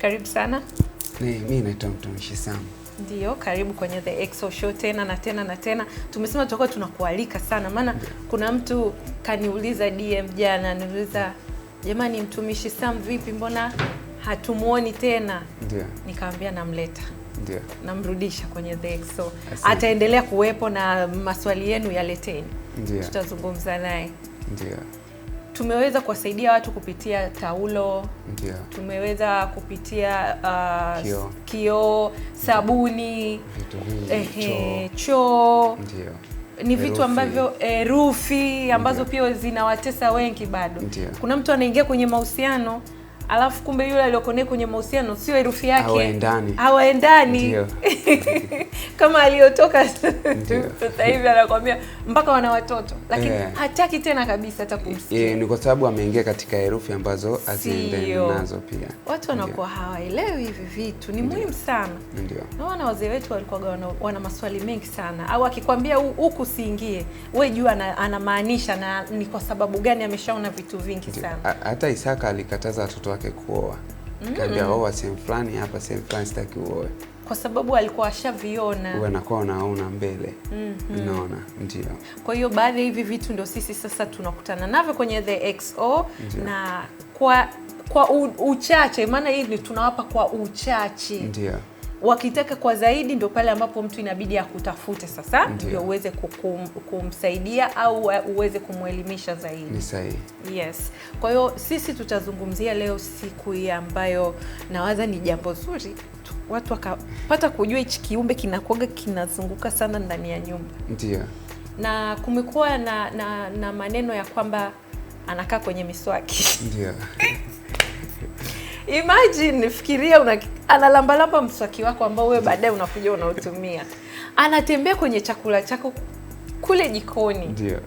Karibu sana. Mi naitwa mtumishi Sam. Ndio, karibu kwenye The Exo Show tena na tena na tena. Tumesema tutakuwa tunakualika sana, maana kuna mtu kaniuliza DM jana, niuliza jamani, mtumishi Sam vipi, mbona hatumuoni tena? Ndio, nikamwambia namleta ndio, namrudisha kwenye The Exo. Ataendelea kuwepo na maswali yenu yaleteni, tutazungumza naye. Ndio tumeweza kuwasaidia watu kupitia taulo yeah. tumeweza kupitia uh, kioo kio, sabuni eh, choo ni vitu ambavyo herufi ambazo Ndiyo. pia zinawatesa wengi bado. Ndiyo. Kuna mtu anaingia kwenye mahusiano alafu kumbe yule aliokonea kwenye mahusiano sio herufi yake, hawaendani, hawaendani kama aliyotoka sasa hivi anakwambia mpaka wana watoto, lakini yeah. hataki tena kabisa hata kumsikia yeah, ni kwa sababu ameingia katika herufi ambazo haziendani nazo. Pia watu wanakuwa hawaelewi hivi vitu, ni muhimu sana. Ndio naona wazee wetu walikuwa wana, wana maswali mengi sana, au akikwambia huku siingie we jua anamaanisha na ni kwa sababu gani, ameshaona vitu vingi sana. Hata Isaka alikataza watoto wake kuoa mm. -hmm. oa sehemu fulani hapa, sehemu fulani sitaki uoe, kwa sababu alikuwa ashaviona, wewe anakuwa unaona mbele mm -hmm. Unaona, ndio. Kwa hiyo baadhi ya hivi vitu ndio sisi sasa tunakutana navyo kwenye the XO ndiyo. na kwa kwa u, uchache maana hii tunawapa kwa uchache ndio wakitaka kwa zaidi ndo pale ambapo mtu inabidi akutafute sasa ndio uweze kukum, kumsaidia au uweze kumwelimisha zaidi. Ni sahihi. Yes. Kwa hiyo sisi tutazungumzia leo siku hii ambayo nawaza ni jambo zuri watu wakapata kujua hichi kiumbe kinakuaga kinazunguka sana ndani ya nyumba. Ndio. Na kumekuwa na, na, na maneno ya kwamba anakaa kwenye miswaki. Ndio. Imagine, fikiria una analambalamba mswaki wako ambao wewe baadaye unakuja unautumia, anatembea kwenye chakula chako kule jikoni. Ndio.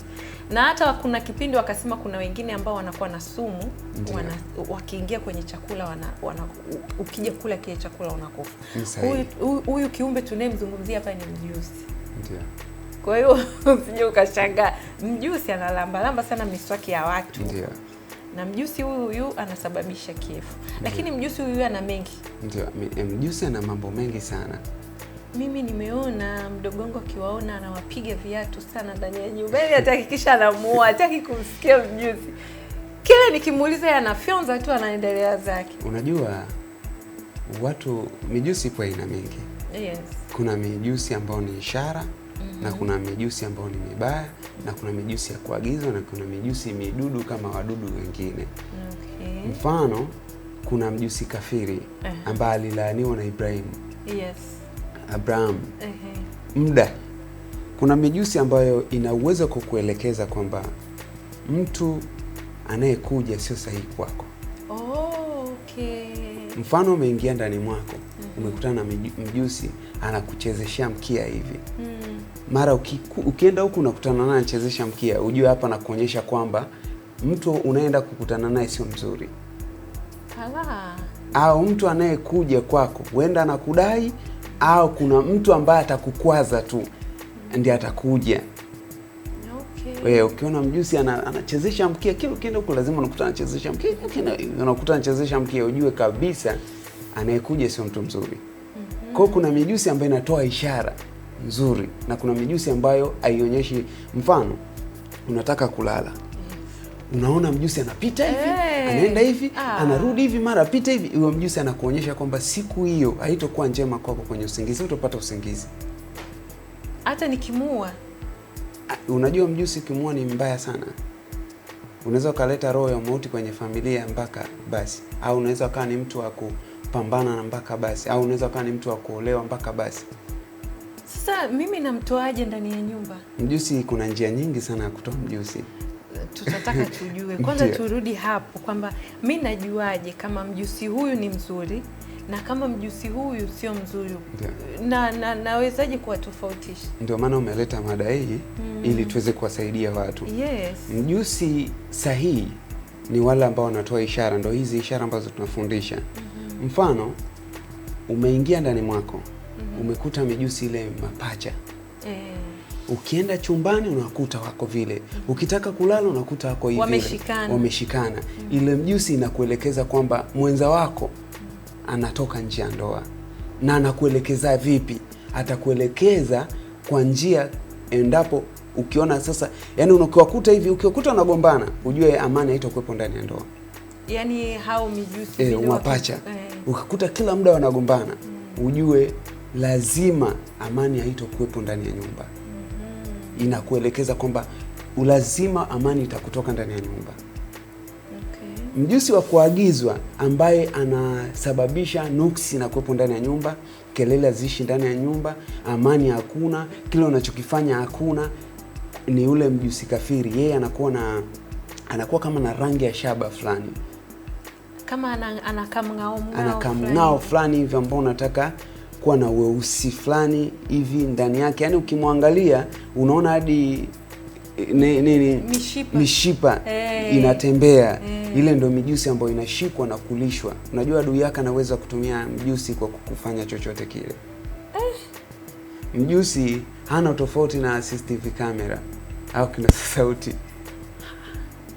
Na hata kuna kipindi wakasema kuna wengine ambao wanakuwa na sumu wana, wakiingia kwenye chakula wana, wana, ukija kula kile chakula unakufa. Huyu kiumbe tunayemzungumzia hapa ni mjusi. Ndio. Kwa hiyo usije ukashangaa mjusi analambalamba sana miswaki ya watu. Ndio na mjusi huyu huyu anasababisha kifo, mhm. lakini mjusi huyu ana mengi. Ndio, eh, mjusi ana mambo mengi sana. Mimi nimeona mdogongo akiwaona anawapiga viatu sana ndani ya nyumba, ili yaani atahakikisha anamuua, hataki kumsikia mjusi. Kila nikimuuliza anafyonza tu, anaendelea zake. Unajua watu mijusi ipo aina mingi. Yes. Kuna mijusi ambayo ni ishara na mm-hmm. kuna mijusi ambayo ni mibaya na kuna mijusi ya kuagizwa na kuna mijusi midudu kama wadudu wengine. Okay. Mfano, kuna mjusi kafiri uh-huh. ambaye alilaaniwa na ibrahim Yes. Abraham. uh -huh. Muda, kuna mijusi ambayo ina uwezo kwa kuelekeza kwamba mtu anayekuja sio sahihi kwako. Oh, okay. Mfano, umeingia ndani mwako umekutana na mjusi anakuchezeshea mkia hivi mm. Mara uki, ukienda huku unakutana naye anachezesha mkia, ujue hapa nakuonyesha kwamba mtu unaenda kukutana naye sio mzuri Hala. Au mtu anayekuja kwako huenda anakudai au kuna mtu ambaye atakukwaza tu ndi atakuja. Okay. ukiona mjusi anachezesha ana mkia, kila ukienda huko lazima unakuta anachezesha mkia, unakuta anachezesha mkia, ujue kabisa anayekuja sio mtu mzuri. Mhm. Kwa kuna mijusi ambayo inatoa ishara nzuri na kuna mijusi ambayo haionyeshi. Mfano, unataka kulala, mhm. unaona mjusi anapita hivi hey, anaenda hivi ah, anarudi hivi, mara apita hivi, huyo mjusi anakuonyesha kwamba siku hiyo haitokuwa njema kwako kwenye usingizi, utapata usingizi. Hata nikimua, ah, unajua mjusi kimua ni mbaya sana unaweza ukaleta roho ya mauti kwenye familia mpaka basi, au unaweza ukawa ni mtu wa kupambana na mpaka basi, au unaweza ukawa ni mtu wa kuolewa mpaka basi. Sasa mimi namtoaje ndani ya nyumba? Mjusi, kuna njia nyingi sana ya kutoa mjusi. Tutataka tujue kwanza, turudi hapo kwamba mi najuaje kama mjusi huyu ni mzuri na kama mjusi huyu sio mzuri na, na nawezaje kuwatofautisha? Ndio maana umeleta mada hii mm, ili tuweze kuwasaidia watu. Yes. Mjusi sahihi ni wale ambao wanatoa ishara, ndo hizi ishara ambazo tunafundisha mm. Mfano, umeingia ndani mwako mm -hmm. umekuta mijusi ile mapacha mm-hmm. Ukienda chumbani unakuta wako vile, mhm. ukitaka kulala unakuta wako hivi, wameshikana, wameshikana. Mm -hmm. Ile mjusi inakuelekeza kwamba mwenza wako mhm. anatoka nje ya ndoa na anakuelekeza vipi? Atakuelekeza kwa njia endapo ukiona sasa, yani ukiwakuta hivi, ukiwakuta unagombana ujue amani haitakuwepo ndani ya ndoa yani hao mijusi eh, e, mapacha e. Eh. Ukikuta kila muda wanagombana mm. Ujue lazima amani haitokuwepo ndani ya nyumba mm. Inakuelekeza kwamba lazima amani itakutoka ndani ya nyumba okay. Mjusi wa kuagizwa ambaye anasababisha nuksi kuwepo ndani ya nyumba, kelele ziishi ndani ya nyumba, amani hakuna, kile unachokifanya hakuna, ni ule mjusi kafiri. Yeye anakuwa na anakuwa kama na rangi ya shaba fulani kama anakamng'ao fulani hivi ambao unataka kuwa na weusi fulani hivi ndani yake, yaani ukimwangalia unaona hadi eh, nini mishipa, mishipa hey, eh. inatembea hey. Eh. Ile ndo mijusi ambayo inashikwa na kulishwa. Unajua adui yake anaweza kutumia mjusi kwa kufanya chochote kile hey. Mjusi hana tofauti na assistive camera au kina sauti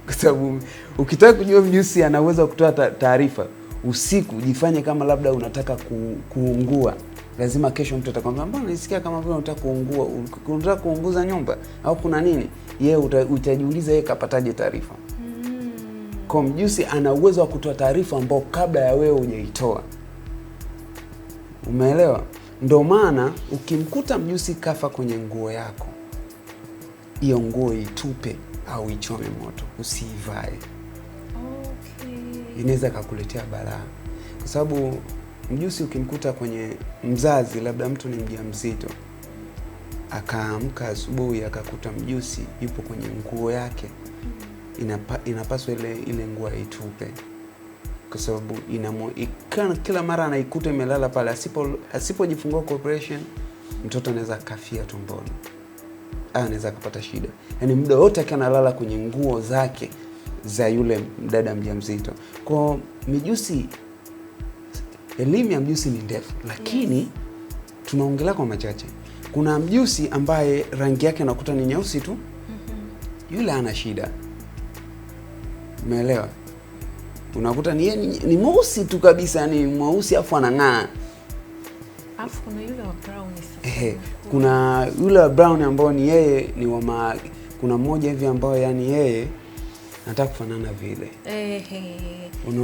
kwa sababu ukitaka kujua mjusi ana uwezo wa kutoa taarifa usiku, jifanye kama labda unataka ku, kuungua lazima kesho mtu atakwambia mbona nisikia kama vile unataka kuungua, unataka kuunguza nyumba au kuna nini? Yeye utajiuliza yeye kapataje taarifa? Mm. Kwa mjusi ana uwezo wa kutoa taarifa ambao kabla ya wewe hujaitoa. Umeelewa? Ndo maana ukimkuta mjusi kafa kwenye nguo yako, hiyo nguo itupe au ichome moto, usiivae. Okay. Inaweza kakuletea balaa, kwa sababu mjusi ukimkuta kwenye mzazi, labda mtu ni mzito akaamka asubuhi akakuta mjusi yupo kwenye nguo yake, mm. inapa, inapaswa ile ile nguo aitupe kwa sababu kila mara anaikuta imelala pale. Asipojifungua asipo operation, mtoto anaweza kafia tumboni. Ah, anaweza akapata shida. Yaani muda wote akiwa analala kwenye nguo zake za yule mdada mjamzito. Kwa mijusi, elimu ya mjusi ni ndefu, lakini tunaongelea kwa machache. Kuna mjusi ambaye rangi yake nakuta ni nyeusi tu, mm-hmm. yule ana shida, umeelewa? Unakuta ni, ni, ni mweusi tu kabisa, ni mweusi afu anang'aa Afu kuna yule wa brown kuna yule wa ambao ni yeye ni wa kuna mmoja hivi ambao yani yeye nataka kufanana vile. Eh,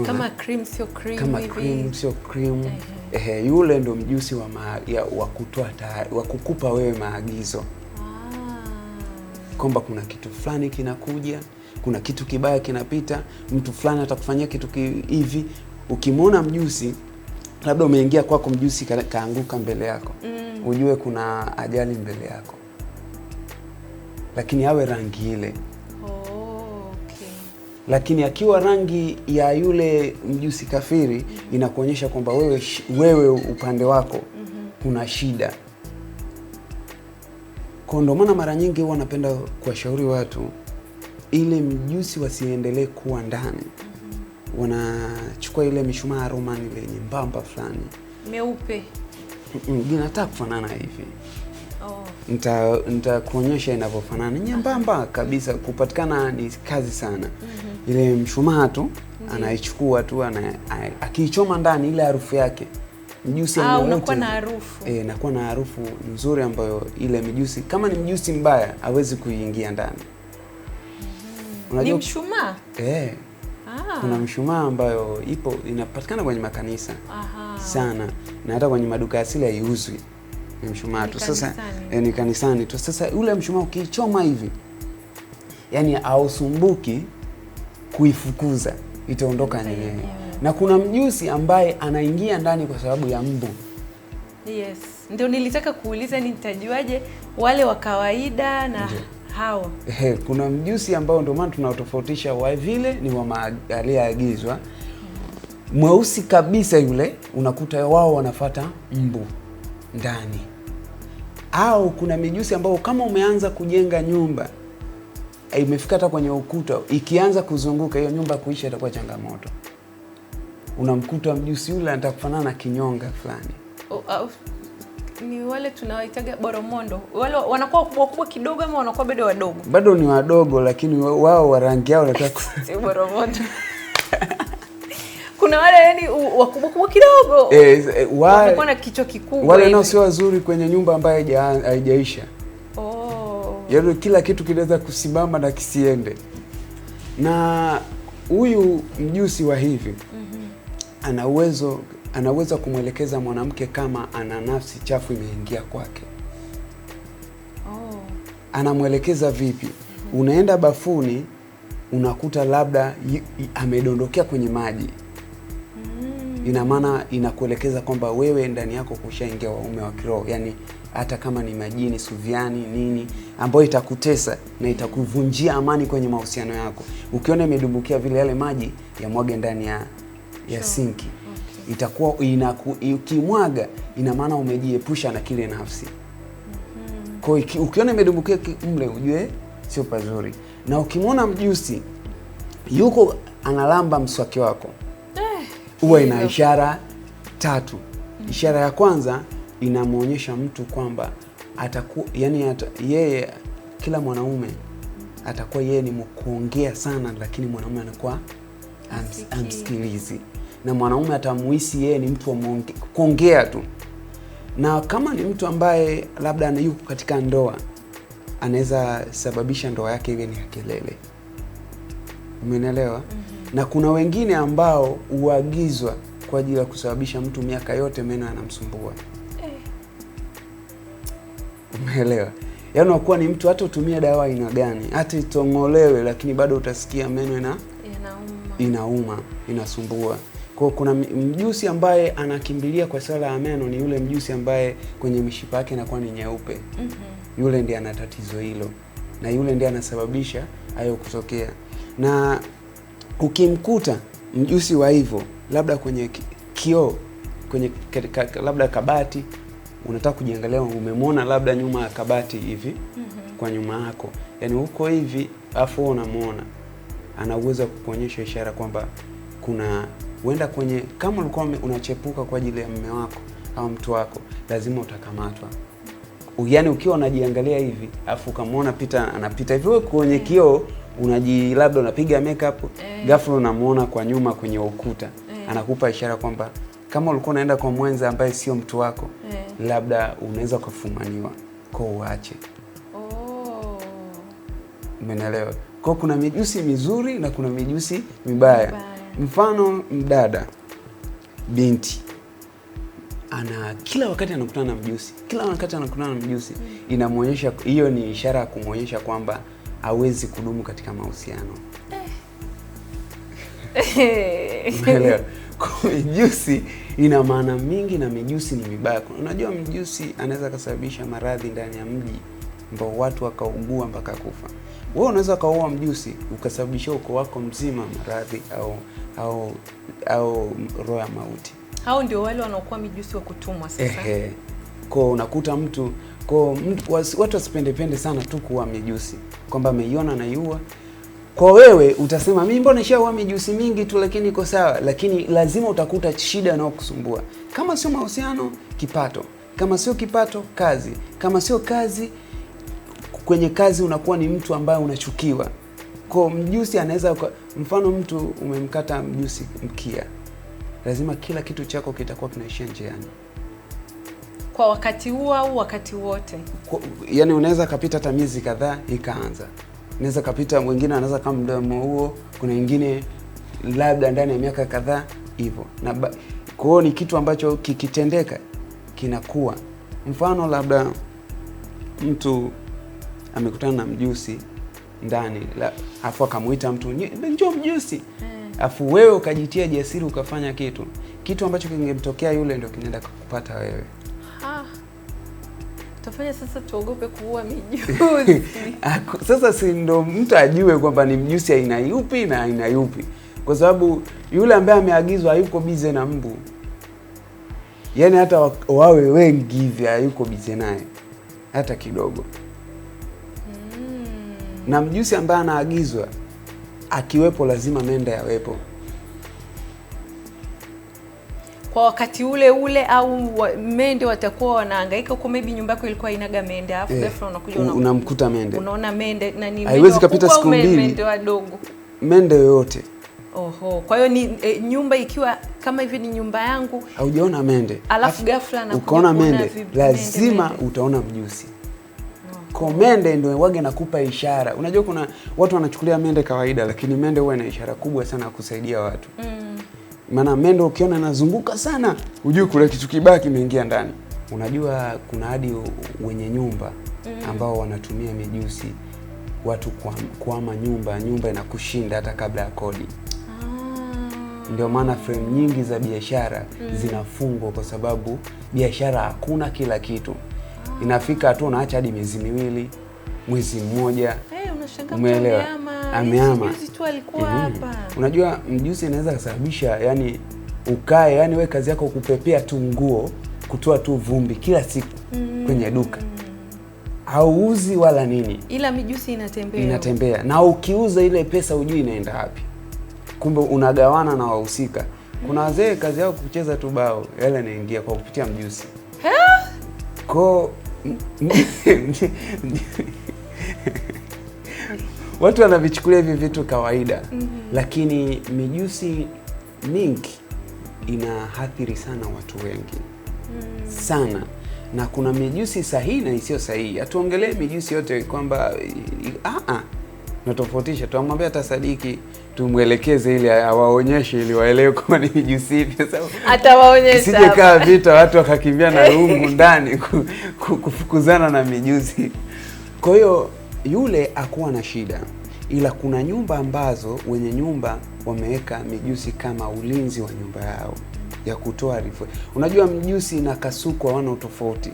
Kama cream sio cream Kama hivi. cream sio cream. Eh, yule ndo mjusi wa ma, wa kutoa wa kukupa wewe maagizo. Ah. Kwamba kuna kitu fulani kinakuja, kuna kitu kibaya kinapita, mtu fulani atakufanyia kitu hivi. Ukimwona mjusi labda umeingia kwako, mjusi ka, kaanguka mbele yako mm. Ujue kuna ajali mbele yako, lakini awe rangi ile oh, lakini akiwa rangi ya yule mjusi kafiri mm -hmm. Inakuonyesha kwamba wewe, wewe upande wako mm -hmm. kuna shida kwa, ndo maana mara nyingi huwa anapenda kuwashauri watu ili mjusi wasiendelee kuwa ndani wanachukua ile mishumaa Roman ile nyembamba fulani meupe, nataka kufanana hivi oh. Nitakuonyesha inavyofanana nyembamba kabisa, kupatikana ni kazi sana mm -hmm. Ile mshumaa tu anaichukua tu akiichoma ndani ile harufu yake mjusi ah, inakuwa na harufu e, nzuri ambayo ile mjusi kama ni mjusi mbaya awezi kuiingia ndani. Mm-hmm. Unajua, ni mshumaa eh Ah. Kuna mshumaa ambayo ipo inapatikana kwenye makanisa Aha. sana na hata kwenye maduka asili haiuzwi ni mshumaa tu. Sasa e, ni kanisani tu. Sasa ule mshumaa ukichoma hivi, yani ausumbuki kuifukuza, itaondoka yenyewe Na kuna mjusi ambaye anaingia ndani kwa sababu ya mbu. Yes, ndio nilitaka kuuliza, nitajuaje wale wa kawaida na Nje hawa He, kuna mjusi ambao ndio maana tunatofautisha wa vile ni wa aliyeagizwa mweusi kabisa yule, unakuta wao wanafata mbu ndani. Au kuna mijusi ambayo kama umeanza kujenga nyumba eh, imefika hata kwenye ukuta, ikianza kuzunguka hiyo nyumba kuisha itakuwa changamoto. Unamkuta mjusi yule anataka kufanana na kinyonga fulani. Oh, oh ni wale tunawaitaga boromondo, wale wanakuwa wakubwa kubwa kidogo ama wanakuwa bado wadogo? Bado ni wadogo, lakini wao wa rangi yao nataka si boromondo kuna wale yani wakubwa kubwa kidogo eh, eh, wa, wanakuwa na kichwa kikubwa, wale nao sio wazuri kwenye nyumba ambayo haijaisha. Oh, yaani kila kitu kinaweza kusimama na kisiende. Na huyu mjusi wa hivi mm -hmm. ana uwezo anaweza kumwelekeza mwanamke kama ana nafsi chafu imeingia kwake. Oh. Anamwelekeza vipi? Mm -hmm. Unaenda bafuni unakuta labda amedondokea kwenye maji. Mm. Ina maana inakuelekeza kwamba wewe ndani yako kushaingia waume wa kiroho, yaani hata kama ni majini, suviani, nini ambayo itakutesa na itakuvunjia amani kwenye mahusiano yako. Ukiona imedumbukia vile, yale maji yamwage ndani ya, ya sinki itakuwa inaku, ukimwaga ina maana umejiepusha na kile nafsi mm-hmm. Kwa hiyo ukiona imedumbukia mle ujue sio pazuri, na ukimwona mjusi yuko analamba mswaki wako eh, huwa eh, ina ishara tatu mm-hmm. Ishara ya kwanza inamwonyesha mtu kwamba ataku, yani ata, yeye kila mwanaume mm-hmm. atakuwa yeye ni mkuongea sana, lakini mwanaume anakuwa amsikilizi ams na mwanaume atamuhisi yeye ni mtu wa kuongea tu, na kama ni mtu ambaye labda yuko katika ndoa, anaweza sababisha ndoa yake iwe ni ya kelele. Umenielewa? mm -hmm. Na kuna wengine ambao huagizwa kwa ajili ya kusababisha mtu miaka yote meno yanamsumbua eh. Umeelewa? Yaani unakuwa ni mtu hata utumie dawa aina gani, hata itong'olewe, lakini bado utasikia meno ina inauma, inauma inasumbua. Kwa kuna mjusi ambaye anakimbilia kwa swala ya meno ni yule mjusi ambaye kwenye mishipa yake inakuwa ni nyeupe. mm -hmm. Yule ndiye ana tatizo hilo na yule ndiye anasababisha hayo kutokea, na ukimkuta mjusi wa hivyo labda kwenye kioo, kwenye labda kabati, unataka kujiangalia, umemwona labda nyuma ya kabati hivi mm -hmm. kwa nyuma yako, yani huko hivi, afu unamwona, ana uwezo wa kukuonyesha ishara kwamba kuna huenda kwenye, kama ulikuwa unachepuka kwa ajili ya mme wako au mtu wako, lazima utakamatwa. Yaani ukiwa unajiangalia hivi afu ukamwona Pita anapita hivyo kwenye eh. kioo unaji labda unapiga makeup eh, ghafla unamuona kwa nyuma kwenye ukuta eh, anakupa ishara kwamba kama ulikuwa unaenda kwa mwenza ambaye sio mtu wako eh, labda unaweza ukafumaniwa kwa uache. Oh, umeelewa? Kwa kuna mijusi mizuri na kuna mijusi mibaya, mibaya. Mfano mdada binti ana kila wakati anakutana na mjusi, kila wakati anakutana na mjusi, inamwonyesha hiyo ni ishara ya kumwonyesha kwamba hawezi kudumu katika mahusiano. Eh. Mijusi ina maana mingi na mijusi ni mibaya. Unajua, mjusi anaweza akasababisha maradhi ndani ya mji ambao watu wakaugua mpaka kufa wewe unaweza ukaua mjusi ukasababisha uko wako mzima maradhi au au au roho ya mauti. Hao ndio wale wanaokuwa mijusi wa kutumwa sasa. Ehe. Kwa unakuta mtu kwa mtu, watu wasipendepende sana tu kuwa mijusi kwamba ameiona na yua kwa wewe utasema mimi mbona nishaua mijusi mingi tu, lakini iko sawa. Lakini lazima utakuta shida inayokusumbua, kama sio mahusiano, kipato; kama sio kipato, kazi; kama sio kazi, kwenye kazi unakuwa ni mtu ambaye unachukiwa. Kwa mjusi anaweza mfano, mtu umemkata mjusi mkia, lazima kila kitu chako kitakuwa kinaishia njiani kwa wakati huo au wakati wote. Kwa, yani unaweza kapita hata miezi kadhaa ikaanza, unaweza kapita mwingine anaweza kama mdomo huo, kuna wengine labda ndani ya miaka kadhaa hivyo, na kwa hiyo ni kitu ambacho kikitendeka kinakuwa mfano labda mtu amekutana na mjusi ndani, afu akamwita mtu njo mjusi, eh. afu wewe ukajitia jasiri ukafanya kitu kitu ambacho kingemtokea yule ndio kinaenda kukupata wewe. Ah. tafanya sasa tuogope kuua mijusi sasa, si ndo mtu ajue kwamba ni mjusi aina yupi na aina yupi, kwa sababu yule ambaye ameagizwa hayuko bize na mbu, yaani hata wawe wengi hivi hayuko bize naye hata kidogo na mjusi ambaye anaagizwa akiwepo lazima menda yawepo kwa wakati ule ule, au mende watakuwa wanahangaika huko. Maybe nyumba yako ilikuwa inaga mende, alafu yeah, ghafla unakuja unamkuta mende, unaona mende na ni haiwezi kapita siku mbili, mende wadogo, mende yoyote. Oho, kwa hiyo ni e, nyumba ikiwa kama hivi ni nyumba yangu, haujaona mende, alafu ghafla na ukaona mende, lazima mende, utaona mjusi komende ndo wage nakupa ishara. Unajua kuna watu wanachukulia mende kawaida, lakini mende huwa ina ishara kubwa sana ya kusaidia watu mm. mende ukiona nazunguka sana, hujui kule kitu kibaya kimeingia ndani. Unajua kuna hadi wenye nyumba mm. ambao wanatumia mijusi watu kuama nyumba, nyumba inakushinda hata kabla ya kodi. Ah. Ndio maana fremu nyingi za biashara mm. zinafungwa kwa sababu biashara hakuna kila kitu inafika hatua unaacha hadi miezi miwili, mwezi mmoja. Hey, umeelewa? Ameama. Yaani mhm. Unajua mjusi anaweza kusababisha yani ukae yani wewe kazi yako kupepea tu nguo, kutoa tu vumbi kila siku mm. kwenye duka hauuzi wala nini, ila mijusi inatembea, inatembea na ukiuza ile pesa hujui inaenda wapi, kumbe unagawana na wahusika. Kuna wazee kazi yao kucheza tu bao, yale inaingia kwa kupitia mjusi ko watu wanavichukulia hivi vitu kawaida mm -hmm. Lakini mijusi mingi hathiri sana watu wengi mm. sana na kuna mijusi sahihi na isiyo sahihi. Hatuongelee mijusi yote kwamba a ah, a, ah, natofautisha, tunamwambia hata Sadiki tumwelekeze ili awaonyeshe ili waelewe kama ni mijusi ipi. Atawaonyesha, sije kaa vita watu wakakimbia na rungu ndani kufukuzana na mijusi. Kwa hiyo yule akuwa na shida, ila kuna nyumba ambazo wenye nyumba wameweka mijusi kama ulinzi wa nyumba yao ya kutoa harufu. Unajua mjusi na kasuku hawana utofauti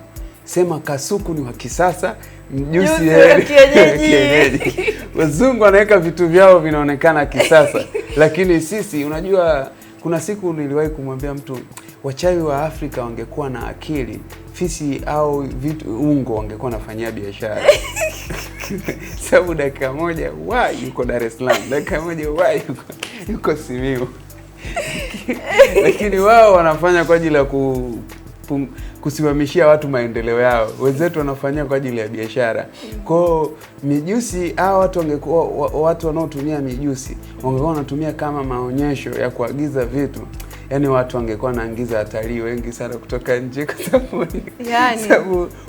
sema kasuku ni wa kisasa, mjusi kienyeji. Wazungu wanaweka vitu vyao vinaonekana kisasa, lakini sisi, unajua, kuna siku niliwahi kumwambia mtu wachawi wa Afrika wangekuwa na akili, fisi au vitu ungo wangekuwa nafanyia biashara sababu dakika moja wa yuko Dar es Salaam, dakika moja wa yuko, yuko Simiu lakini wao wanafanya kwa ajili ya ku kusimamishia watu maendeleo yao. Wenzetu wanafanyia kwa ajili ya biashara kwao. Mijusi hawa watu wangekuwa watu wanaotumia mijusi wangekuwa wanatumia kama maonyesho ya kuagiza vitu Yaani watu wangekuwa naangiza watalii wengi sana kutoka nje kwa sababu yani,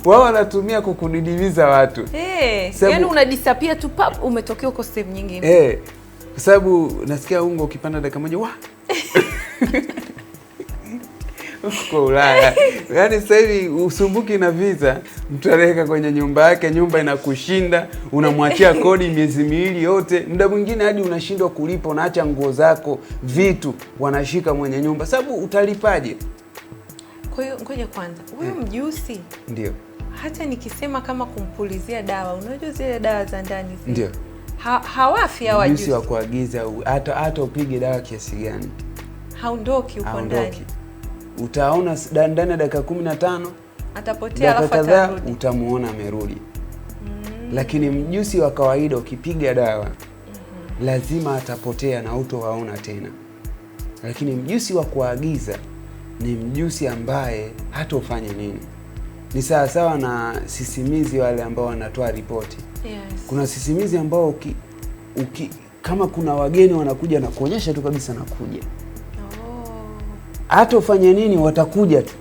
wao wanatumia kukudidimiza watu hey, eh, yani unadisapia tu pap umetokea uko sehemu nyingine hey, eh, kwa sababu nasikia ungo ukipanda dakika moja wa huko Ulaya. Yaani sasa hivi usumbuki na visa, mtu anaweka kwenye nyumba yake, nyumba inakushinda, unamwachia kodi miezi miwili yote, muda mwingine hadi unashindwa kulipa, unaacha nguo zako, vitu wanashika mwenye nyumba, sababu utalipaje? Kwa hiyo ngoja kwanza, huyu hmm. mjusi ndio hata nikisema kama kumpulizia dawa, unajua zile dawa za ndani ndio ha, hawafi hawa jusi wa kuagiza, hata hata upige dawa kiasi gani haondoki huko ndani utaona ndani ya dakika kumi na tano dakika kadhaa utamuona amerudi. mm. Lakini mjusi wa kawaida ukipiga dawa mm -hmm. lazima atapotea na utowaona tena, lakini mjusi wa kuagiza ni mjusi ambaye hata ufanye nini, ni sawasawa na sisimizi wale ambao wanatoa ripoti. yes. Kuna sisimizi ambao uki, uki, kama kuna wageni wanakuja na kuonyesha tu kabisa nakuja hata ufanye nini watakuja tu.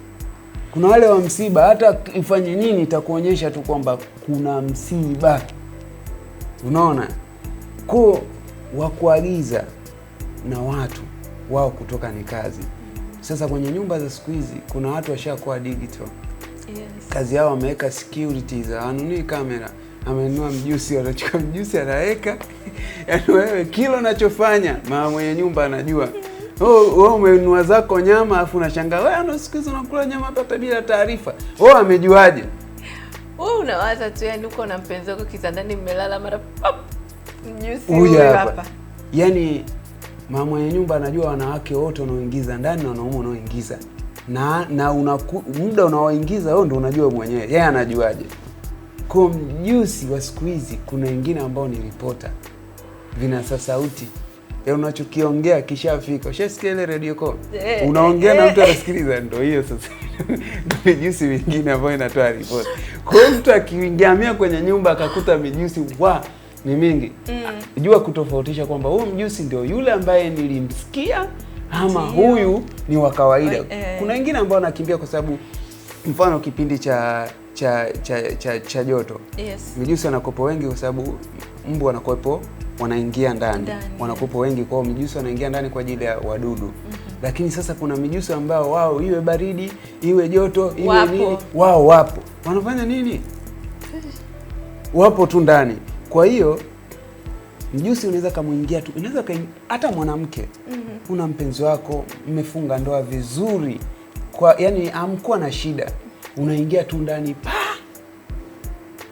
Kuna wale wa msiba, hata ifanye nini itakuonyesha tu kwamba kuna msiba, unaona ko wakuagiza na watu wao kutoka ni kazi. Sasa kwenye nyumba za siku hizi kuna watu washakuwa digital yes. Kazi yao wameweka securities, hawanunui kamera, amenunua mjusi, anachukua mjusi anaweka. Yaani wewe kila unachofanya mama mwenye nyumba anajua Oh, wewe umenunua zako nyama afu unashangaa wewe ndio siku hizi unakula nyama hata bila taarifa. Wewe amejuaje? Wewe unawaza tu yani uko na mpenzi wako kitandani mmelala mara pop. hapa. Yaani mama mwenye nyumba anajua wanawake wote wanaoingiza ndani na wanaume wanaoingiza. Na na unaku, muda unaoingiza wewe ndio unajua mwenyewe. Yeye anajuaje? Kwa mjusi wa siku hizi kuna wengine ambao ni ripota. Vina sasauti ya eh, unachokiongea kishafika. Ushasikia ile radio call eh, unaongea na eh, mtu anasikiliza. ndo hiyo sasa, mijusi mingine ambayo inatoa ripoti. Kwa hiyo mtu akiingamia kwenye nyumba akakuta mijusi wa ni mingi mm, jua kutofautisha kwamba huyu mjusi ndio yule ambaye nilimsikia ama huyu ni wa kawaida. Kuna wengine ambao wanakimbia kwa sababu mfano kipindi cha cha cha cha, cha joto yes. Mijusi wanakopo wengi kwa sababu mbu wanakopo wanaingia ndani, ndani. wengi kwao, mijusi wanaingia ndani kwa ajili ya wadudu mm -hmm. Lakini sasa kuna mijusi ambao wao iwe baridi iwe joto iwe wapo. Nini wao wapo wanafanya nini? Wapo tu ndani. Kwa hiyo mjusi unaweza kamwingia tu, unaweza hata mwanamke mm -hmm. Una mpenzi wako, mmefunga ndoa vizuri, kwa yani amkuwa na shida, unaingia tu ndani pa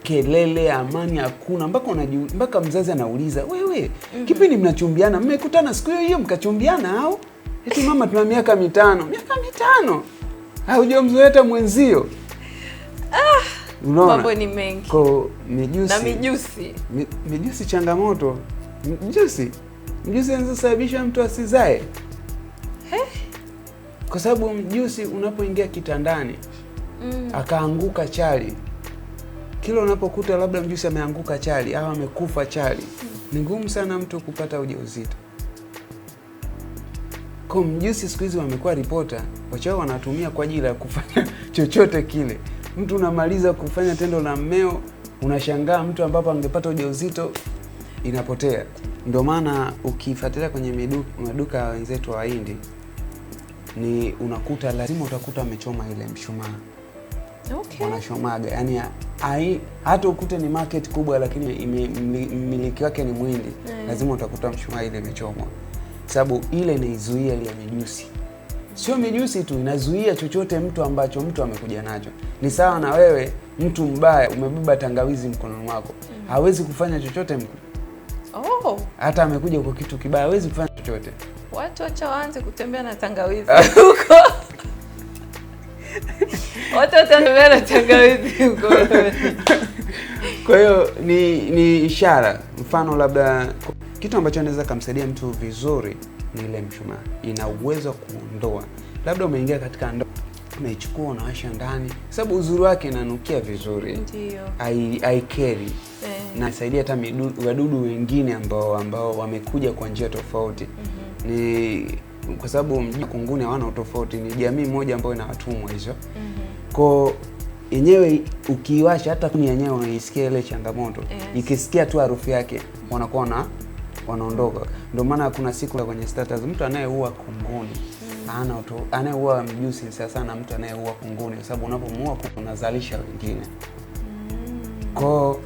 kelele, amani hakuna, mpaka mpaka mzazi anauliza wewe, mm -hmm. kipindi mnachumbiana mmekutana siku hiyo hiyo mkachumbiana au eti mama, tuna miaka mitano. Miaka mitano haujamzoea mwenzio. Ah, mambo ni mengi kwa mijusi na mijusi mi, mijusi changamoto mjusi mjusi anazosababisha mtu asizae He? Eh? Kwa sababu mjusi unapoingia kitandani mm. akaanguka chali kila unapokuta labda mjusi ameanguka chali au amekufa chali, ni ngumu sana mtu kupata ujauzito. Kwa mjusi siku hizi wamekuwa ripota, wachao, wanatumia kwa ajili ya kufanya chochote kile. Mtu unamaliza kufanya tendo la mmeo, unashangaa mtu ambapo angepata ujauzito inapotea. Ndio maana ukifuatilia kwenye maduka ya wenzetu wa Hindi ni unakuta lazima utakuta amechoma ile mshumaa okay. wanashomaga yani ai hata ukute ni market kubwa, lakini mmiliki wake ni mwindi yeah. lazima utakuta mshumaa ile imechomwa, sababu ile inaizuia ile mijusi. Sio mijusi tu, inazuia chochote mtu ambacho mtu amekuja nacho. Ni sawa na wewe mtu mbaya umebeba tangawizi mkononi mwako mm. hawezi kufanya chochote mku. Oh. Hata amekuja kwa kitu kibaya hawezi kufanya chochote. Watu wacha waanze kutembea na tangawizi huko watu wote wanameana Kwa hiyo ni ni ishara, mfano labda kitu ambacho anaweza kumsaidia mtu vizuri ni ile mshumaa, ina uwezo kuondoa. Labda umeingia katika ndoa, unaichukua unawasha ndani, sababu uzuri wake inanukia vizuri, ndio haikeri eh. na saidia hata wadudu wengine ambao ambao wamekuja kwa njia tofauti. mm -hmm. Ni kwa sababu Kunguni hawana utofauti, ni jamii moja ambayo ina watumwa hizo. mm -hmm. Kwa yenyewe ukiiwasha hata kuni yenyewe unaisikia ile changamoto yes. Ikisikia tu harufu yake wanakuwa na wanaondoka. Ndio maana kuna siku kwenye status mtu anayeua kunguni ana mm. anayeua mjusi sasa sana mtu anayeua kunguni, kwa sababu unapomuua unazalisha wengine mm. kwa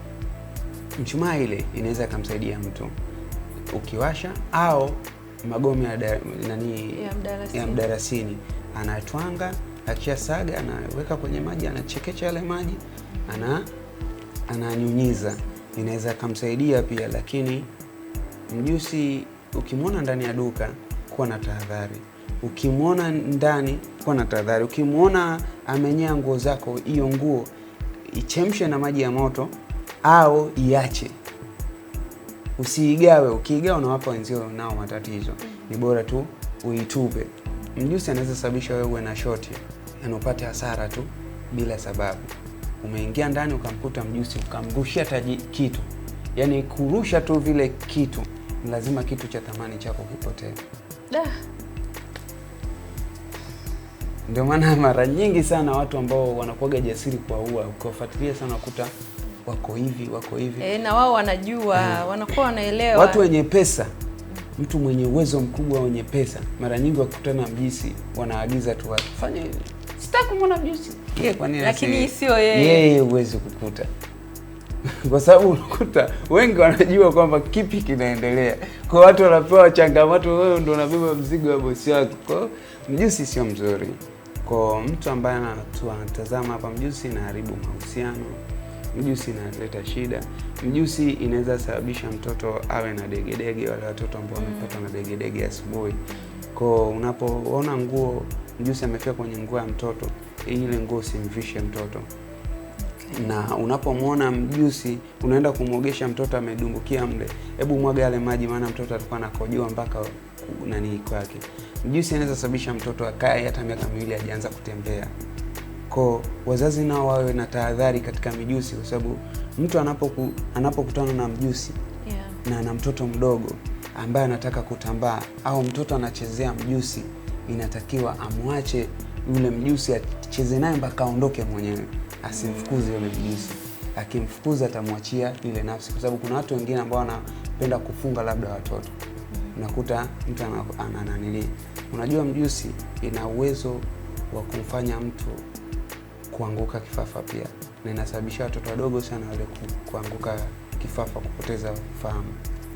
mchumaa ile inaweza ikamsaidia mtu ukiwasha, au magome ya nani ya mdarasini anatwanga saga, anaweka kwenye maji, anachekecha yale maji, ana ananyunyiza, inaweza akamsaidia pia. Lakini mjusi ukimwona ndani ya duka, kuwa na tahadhari. Ukimwona ndani, kuwa na tahadhari. Ukimwona amenyea nguo zako, hiyo nguo ichemshe na maji ya moto au iache, usiigawe. Ukiigawa unawapa wenzio nao matatizo. Ni bora tu uitupe. Mjusi anaweza sababisha wewe uwe na shoti yani upate hasara tu bila sababu. Umeingia ndani ukamkuta mjusi, ukamrushia taji kitu, yani kurusha tu vile kitu, ni lazima kitu cha thamani chako kipotee. Ndio maana mara nyingi sana watu ambao wanakuaga jasiri kuwaua, ukiwafuatilia sana kuta wako hivi wako hivi e, na wao wanajua hmm, wanakuwa wanaelewa. Watu wenye pesa, mtu mwenye uwezo mkubwa wenye pesa, mara nyingi wakikutana mjisi wanaagiza tu watu fanye sitaki kumwona Beauty. Yeye kwa nini? Lakini sio yeye. Yeye huwezi kukuta. kwa sababu unakuta wengi wanajua kwamba kipi kinaendelea. Kwa watu wanapewa changamoto, wewe ndo unabeba mzigo wa bosi wako. Kwa Mjusi sio mzuri. Kwa mtu ambaye anatazama hapa, Mjusi inaharibu mahusiano. Mjusi inaleta shida. Mjusi inaweza sababisha mtoto awe na degedege, wale watoto ambao wanapata na mm. degedege asubuhi. Kwa unapoona nguo mjusi amefika kwenye nguo ya mtoto, ile nguo usimvishe mtoto Na unapomwona mjusi unaenda kumwogesha mtoto amedumbukia mle, hebu mwaga yale maji, maana mtoto alikuwa anakojoa mpaka nani kwake. Mjusi anaweza sababisha mtoto akae hata miaka miwili hajaanza kutembea. Ko, wazazi nao wawe na tahadhari katika mijusi, kwa sababu mtu anapoku, anapokutana na mjusi yeah. na na mtoto mdogo ambaye anataka kutambaa au mtoto anachezea mjusi inatakiwa amwache yule mjusi acheze naye mpaka aondoke mwenyewe, asimfukuze yule mjusi. Akimfukuza atamwachia ile nafsi, kwa sababu kuna watu wengine ambao wanapenda kufunga labda watoto. Unakuta mtu anananili, unajua mjusi ina uwezo wa kumfanya mtu kuanguka kifafa pia, na inasababisha watoto wadogo sana wale kuanguka kifafa, kupoteza fahamu.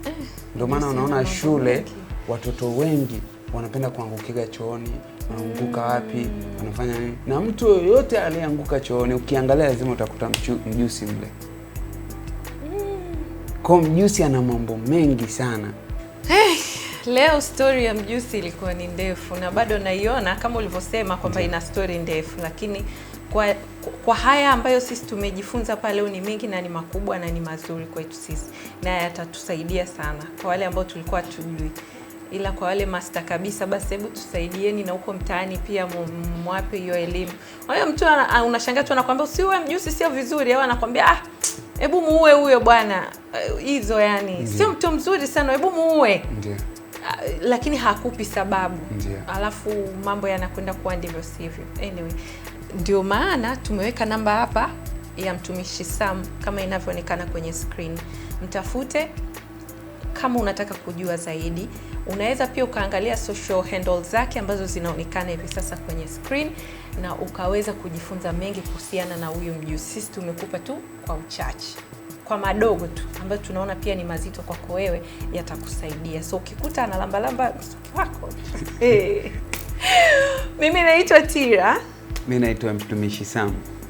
Eh, Ndio maana unaona shule watoto wengi wanapenda kuangukiga chooni, wanaanguka wapi, wanafanya nini. Na mtu yoyote aliyeanguka chooni, ukiangalia lazima utakuta mjusi mle. Kwa mjusi ana mambo mengi sana. Hey, eh, leo stori ya mjusi ilikuwa ni ndefu na bado naiona kama ulivyosema kwamba ina stori ndefu, lakini kwa, kwa haya ambayo sisi tumejifunza pale ni mengi na ni makubwa na ni mazuri kwetu sisi na yatatusaidia sana kwa wale ambao tulikuwa tujui ila kwa wale master kabisa, basi hebu tusaidieni na huko mtaani pia mwape hiyo elimu. Kwa hiyo mtu unashangaa tu anakuambia usiue mjusi, sio vizuri, au yaani anakuambia ah, hebu muue huyo bwana. Eh, hizo yani sio mtu mzuri sana, hebu muue. Lakini hakupi sababu. Ndiyo. Alafu mambo yanakwenda kuwa ndivyo sivyo. Anyway, ndio maana tumeweka namba hapa ya mtumishi Sam kama inavyoonekana kwenye screen. Mtafute kama unataka kujua zaidi. Unaweza pia ukaangalia social handle zake ambazo zinaonekana hivi sasa kwenye screen na ukaweza kujifunza mengi kuhusiana na huyu mjusi. Sisi tumekupa tu kwa uchache kwa madogo tu ambayo tunaona pia ni mazito kwako wewe, yatakusaidia. So ukikuta analambalamba msuki wako eh. mimi naitwa Tira, mi naitwa mtumishi Sam.